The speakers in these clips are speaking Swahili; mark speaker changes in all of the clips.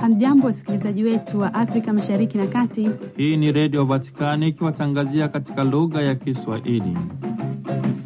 Speaker 1: Hamjambo, wasikilizaji wetu wa Afrika mashariki na kati.
Speaker 2: Hii ni Redio Vatikani ikiwatangazia katika lugha ya Kiswahili. Mm.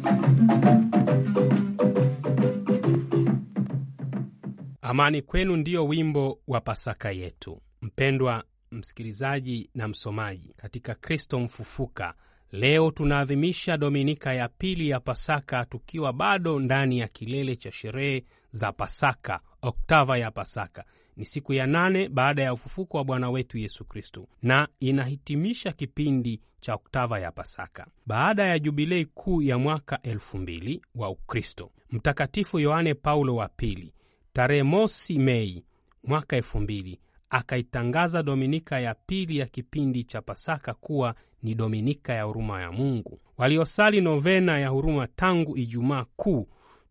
Speaker 3: Amani kwenu ndiyo wimbo wa Pasaka yetu. Mpendwa msikilizaji na msomaji, katika Kristo mfufuka Leo tunaadhimisha Dominika ya pili ya Pasaka tukiwa bado ndani ya kilele cha sherehe za Pasaka, oktava ya Pasaka. Ni siku ya nane baada ya ufufuko wa Bwana wetu Yesu kristu na inahitimisha kipindi cha oktava ya Pasaka baada ya jubilei kuu ya mwaka elfu mbili wa Ukristo. Mtakatifu Yohane Paulo wa Pili tarehe mosi Mei mwaka elfu mbili akaitangaza Dominika ya pili ya kipindi cha Pasaka kuwa ni Dominika ya huruma ya Mungu. Waliosali novena ya huruma tangu Ijumaa Kuu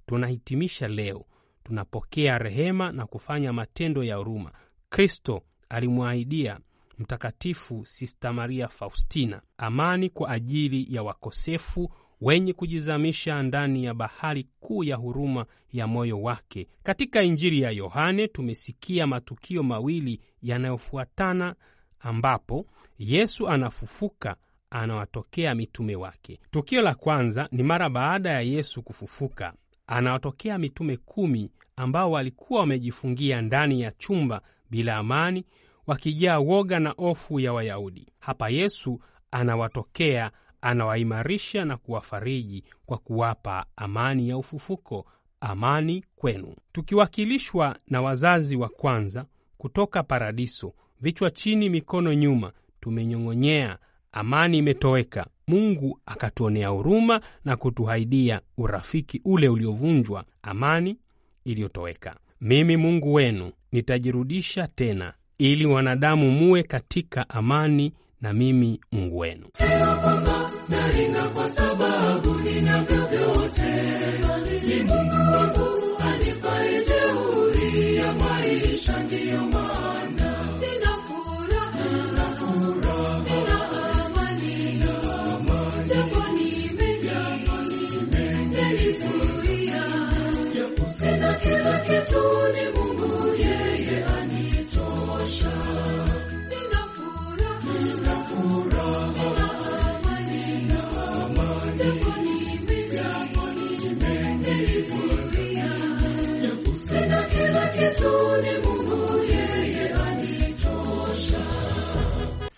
Speaker 3: tunahitimisha leo, tunapokea rehema na kufanya matendo ya huruma Kristo alimwahidia Mtakatifu Sista Maria Faustina, amani kwa ajili ya wakosefu wenye kujizamisha ndani ya bahari kuu ya huruma ya moyo wake. Katika Injili ya Yohane tumesikia matukio mawili yanayofuatana ambapo Yesu anafufuka anawatokea mitume wake. Tukio la kwanza ni mara baada ya Yesu kufufuka, anawatokea mitume kumi ambao walikuwa wamejifungia ndani ya chumba bila amani, wakijaa woga na hofu ya Wayahudi. Hapa Yesu anawatokea anawaimarisha na kuwafariji kwa kuwapa amani ya ufufuko. Amani kwenu. Tukiwakilishwa na wazazi wa kwanza kutoka paradiso, vichwa chini, mikono nyuma, tumenyong'onyea, amani imetoweka. Mungu akatuonea huruma na kutuhaidia urafiki ule uliovunjwa, amani iliyotoweka. Mimi Mungu wenu nitajirudisha tena, ili wanadamu muwe katika amani, na mimi Mungu wenu.
Speaker 1: Maringa kwa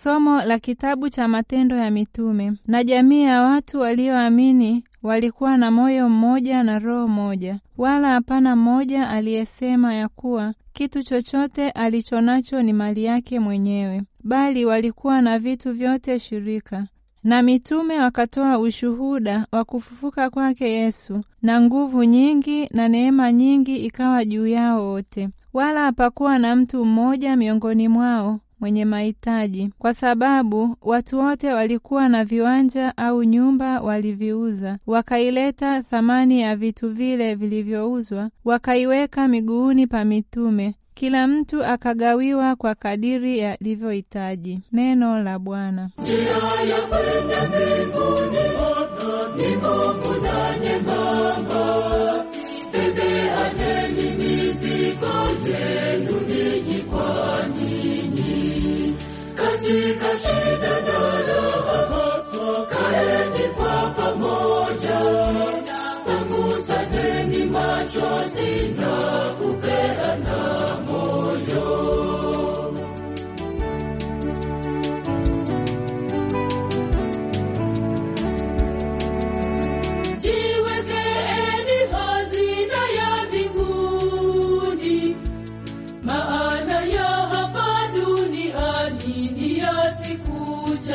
Speaker 1: somo la kitabu cha Matendo ya Mitume. Na jamii ya watu walioamini walikuwa na moyo mmoja na roho moja, wala hapana mmoja aliyesema ya kuwa kitu chochote alichonacho ni mali yake mwenyewe, bali walikuwa na vitu vyote shirika. Na mitume wakatoa ushuhuda wa kufufuka kwake Yesu, na nguvu nyingi na neema nyingi ikawa juu yao wote. Wala hapakuwa na mtu mmoja miongoni mwao mwenye mahitaji, kwa sababu watu wote walikuwa na viwanja au nyumba waliviuza, wakaileta thamani ya vitu vile vilivyouzwa, wakaiweka miguuni pa mitume, kila mtu akagawiwa kwa kadiri yalivyohitaji. Neno la Bwana.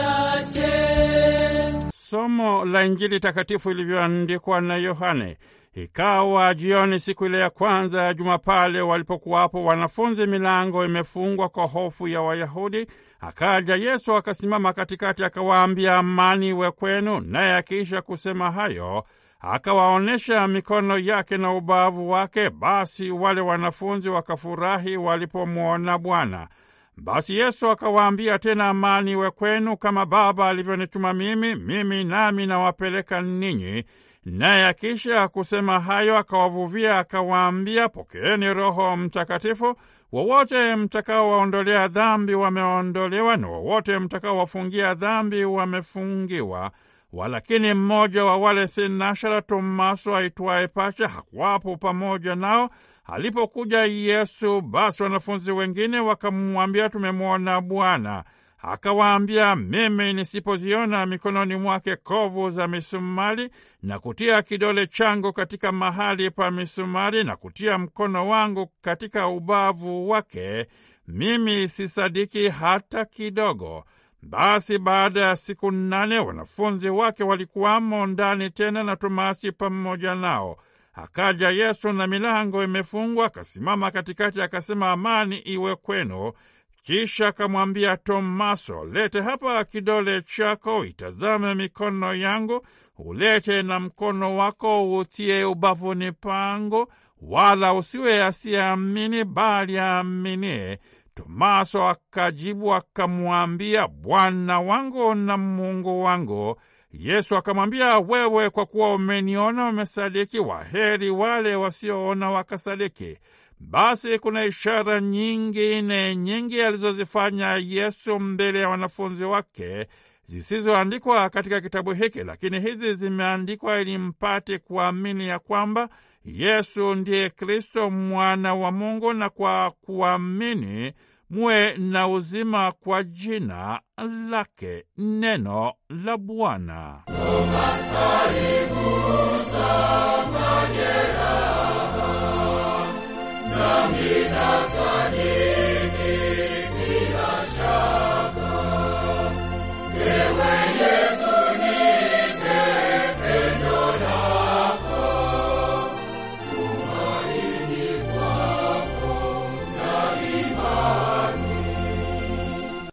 Speaker 1: chache.
Speaker 2: Somo la Injili takatifu ilivyoandikwa na Yohane. Ikawa jioni siku ile ya kwanza ya juma, pale walipokuwapo wanafunzi, milango imefungwa kwa hofu ya Wayahudi. Akaja Yesu akasimama katikati, akawaambia, amani iwe kwenu. Naye akiisha kusema hayo, akawaonyesha mikono yake na ubavu wake. Basi wale wanafunzi wakafurahi walipomwona Bwana. Basi Yesu akawaambia tena, amani iwe kwenu, kama Baba alivyonituma mimi, mimi nami nawapeleka ninyi. Naye akisha kusema hayo, akawavuvia akawaambia, pokeeni Roho Mtakatifu. Wowote mtakaowaondolea dhambi wameondolewa, na wowote mtakaowafungia dhambi wamefungiwa. Walakini mmoja wa wale thinashara, Tomaso aitwaye Pacha, hakuwapo pamoja nao. Alipokuja Yesu, basi wanafunzi wengine wakamwambia, tumemwona Bwana. Akawaambia, mimi nisipoziona mikononi mwake kovu za misumari na kutia kidole changu katika mahali pa misumari na kutia mkono wangu katika ubavu wake, mimi sisadiki hata kidogo. Basi baada ya siku nane wanafunzi wake walikuwamo ndani tena, na Tomasi pamoja nao. Akaja Yesu na milango imefungwa, akasimama katikati, akasema, amani iwe kwenu. Kisha akamwambia Tomaso, lete hapa kidole chako, itazame mikono yangu, ulete na mkono wako utie ubavuni pangu, wala usiwe asiyeamini, bali aamini. Tomaso akajibu akamwambia, Bwana wangu na Mungu wangu. Yesu akamwambia, wewe kwa kuwa umeniona umesadiki. Waheri wale wasioona wakasadiki. Basi kuna ishara nyingine nyingi alizozifanya Yesu mbele ya wanafunzi wake zisizoandikwa katika kitabu hiki, lakini hizi zimeandikwa ili mpate kuamini ya kwamba Yesu ndiye Kristo mwana wa Mungu, na kwa kuamini muwe na uzima kwa jina lake. Neno la Bwana.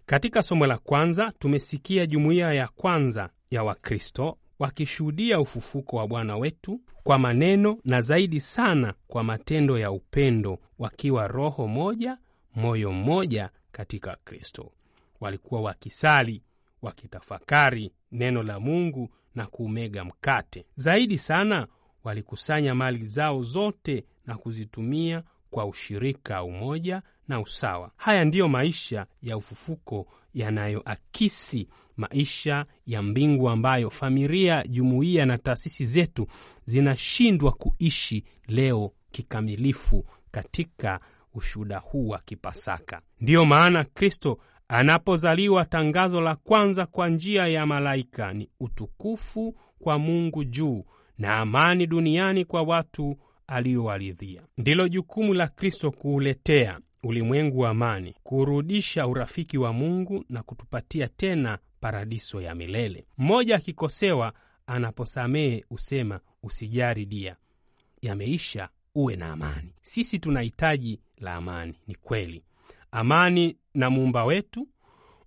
Speaker 3: Katika somo la kwanza tumesikia jumuiya ya kwanza ya Wakristo wakishuhudia ufufuko wa Bwana wetu kwa maneno na zaidi sana kwa matendo ya upendo, wakiwa roho moja, moyo mmoja katika Kristo. Walikuwa wakisali, wakitafakari neno la Mungu na kuumega mkate. Zaidi sana walikusanya mali zao zote na kuzitumia kwa ushirika, umoja na usawa. Haya ndiyo maisha ya ufufuko yanayoakisi maisha ya mbingu ambayo familia, jumuiya na taasisi zetu zinashindwa kuishi leo kikamilifu katika ushuhuda huu wa Kipasaka. Ndiyo maana Kristo anapozaliwa, tangazo la kwanza kwa njia ya malaika ni utukufu kwa Mungu juu na amani duniani kwa watu aliowaridhia. Ndilo jukumu la Kristo kuuletea ulimwengu wa amani, kurudisha urafiki wa Mungu na kutupatia tena paradiso ya milele. Mmoja akikosewa, anaposamehe usema usijari dia, yameisha, uwe na amani. Sisi tunahitaji la amani, ni kweli, amani na muumba wetu.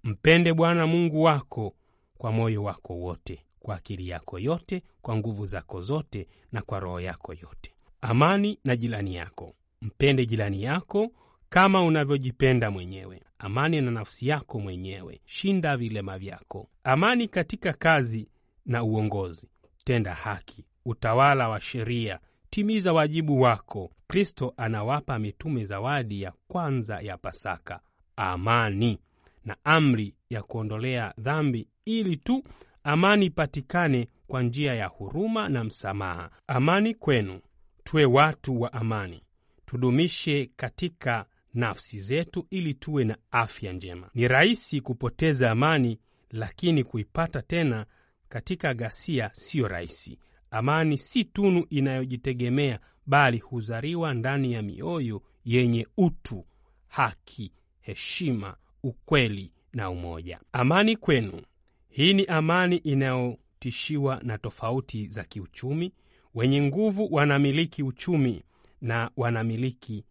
Speaker 3: Mpende Bwana Mungu wako kwa moyo wako wote, kwa akili yako yote, kwa nguvu zako zote, na kwa roho yako yote. Amani na jirani yako, mpende jirani yako kama unavyojipenda mwenyewe. Amani na nafsi yako mwenyewe, shinda vilema vyako. Amani katika kazi na uongozi, tenda haki, utawala wa sheria, timiza wajibu wako. Kristo anawapa mitume zawadi ya kwanza ya Pasaka, amani na amri ya kuondolea dhambi, ili tu amani ipatikane kwa njia ya huruma na msamaha. Amani kwenu. Tuwe watu wa amani, tudumishe katika nafsi zetu ili tuwe na afya njema. Ni rahisi kupoteza amani, lakini kuipata tena katika ghasia siyo rahisi. Amani si tunu inayojitegemea, bali huzaliwa ndani ya mioyo yenye utu, haki, heshima, ukweli na umoja. Amani kwenu. Hii ni amani inayotishiwa na tofauti za kiuchumi. Wenye nguvu wanamiliki uchumi na wanamiliki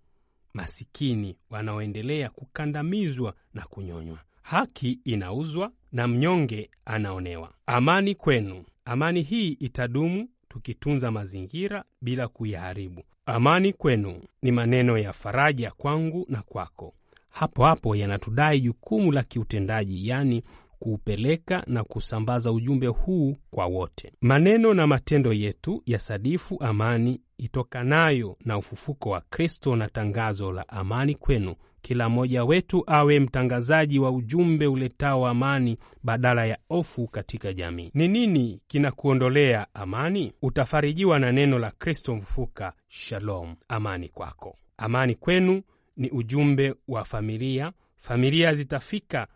Speaker 3: masikini wanaoendelea kukandamizwa na kunyonywa. Haki inauzwa na mnyonge anaonewa. Amani kwenu. Amani hii itadumu tukitunza mazingira bila kuyaharibu. Amani kwenu ni maneno ya faraja kwangu na kwako. Hapo hapo yanatudai jukumu la kiutendaji, yani kuupeleka na kusambaza ujumbe huu kwa wote. Maneno na matendo yetu ya sadifu amani itokanayo na ufufuko wa Kristo na tangazo la amani kwenu. Kila mmoja wetu awe mtangazaji wa ujumbe uletao amani badala ya ofu katika jamii. Ni nini kinakuondolea amani? Utafarijiwa na neno la Kristo mfufuka, shalom, amani kwako. Amani kwenu ni ujumbe wa familia. Familia zitafika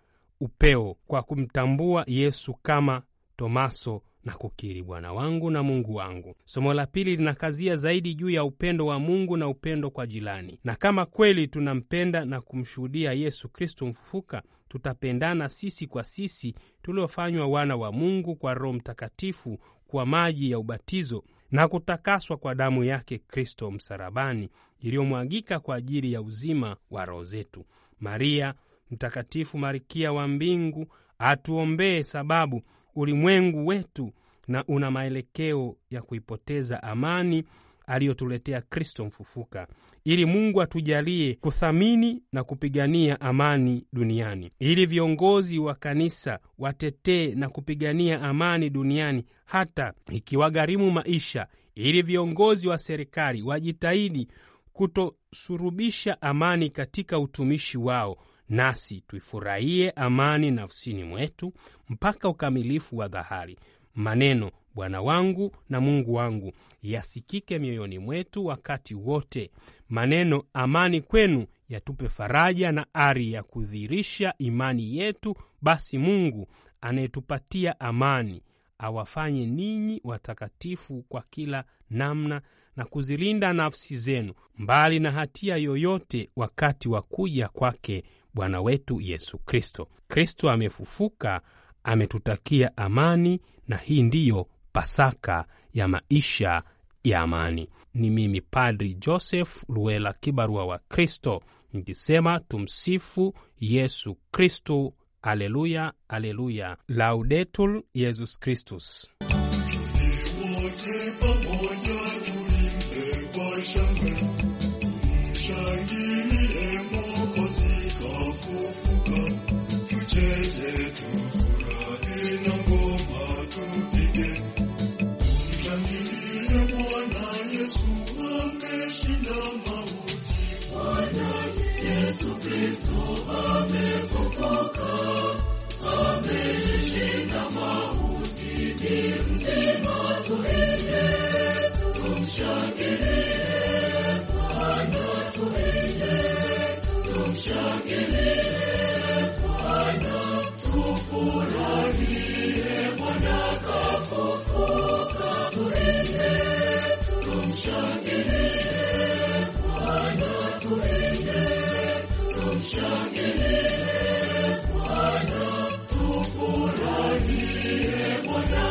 Speaker 3: upeo kwa kumtambua Yesu kama Tomaso na kukiri Bwana wangu na Mungu wangu. Somo la pili linakazia zaidi juu ya upendo wa Mungu na upendo kwa jirani, na kama kweli tunampenda na kumshuhudia Yesu Kristo mfufuka, tutapendana sisi kwa sisi, tuliofanywa wana wa Mungu kwa Roho Mtakatifu, kwa maji ya ubatizo na kutakaswa kwa damu yake Kristo msalabani, iliyomwagika kwa ajili ya uzima wa roho zetu. Maria Mtakatifu Marikia wa mbingu atuombee, sababu ulimwengu wetu na una maelekeo ya kuipoteza amani aliyotuletea Kristo mfufuka, ili Mungu atujalie kuthamini na kupigania amani duniani, ili viongozi wa kanisa watetee na kupigania amani duniani hata ikiwagharimu maisha, ili viongozi wa serikali wajitahidi kutosurubisha amani katika utumishi wao nasi tuifurahie amani nafsini mwetu mpaka ukamilifu wa dhahari. Maneno Bwana wangu na Mungu wangu yasikike mioyoni mwetu wakati wote. Maneno amani kwenu yatupe faraja na ari ya kudhihirisha imani yetu. Basi Mungu anayetupatia amani awafanye ninyi watakatifu kwa kila namna na kuzilinda nafsi zenu mbali na hatia yoyote wakati wa kuja kwake Bwana wetu Yesu Kristo. Kristo amefufuka, ametutakia amani, na hii ndiyo Pasaka ya maisha ya amani. Ni mimi Padri Joseph Luela, kibarua wa Kristo, nikisema tumsifu Yesu Kristu. Aleluya, aleluya, laudetul Yesus Kristus.
Speaker 1: little 想念你，快乐祝福了你，我的。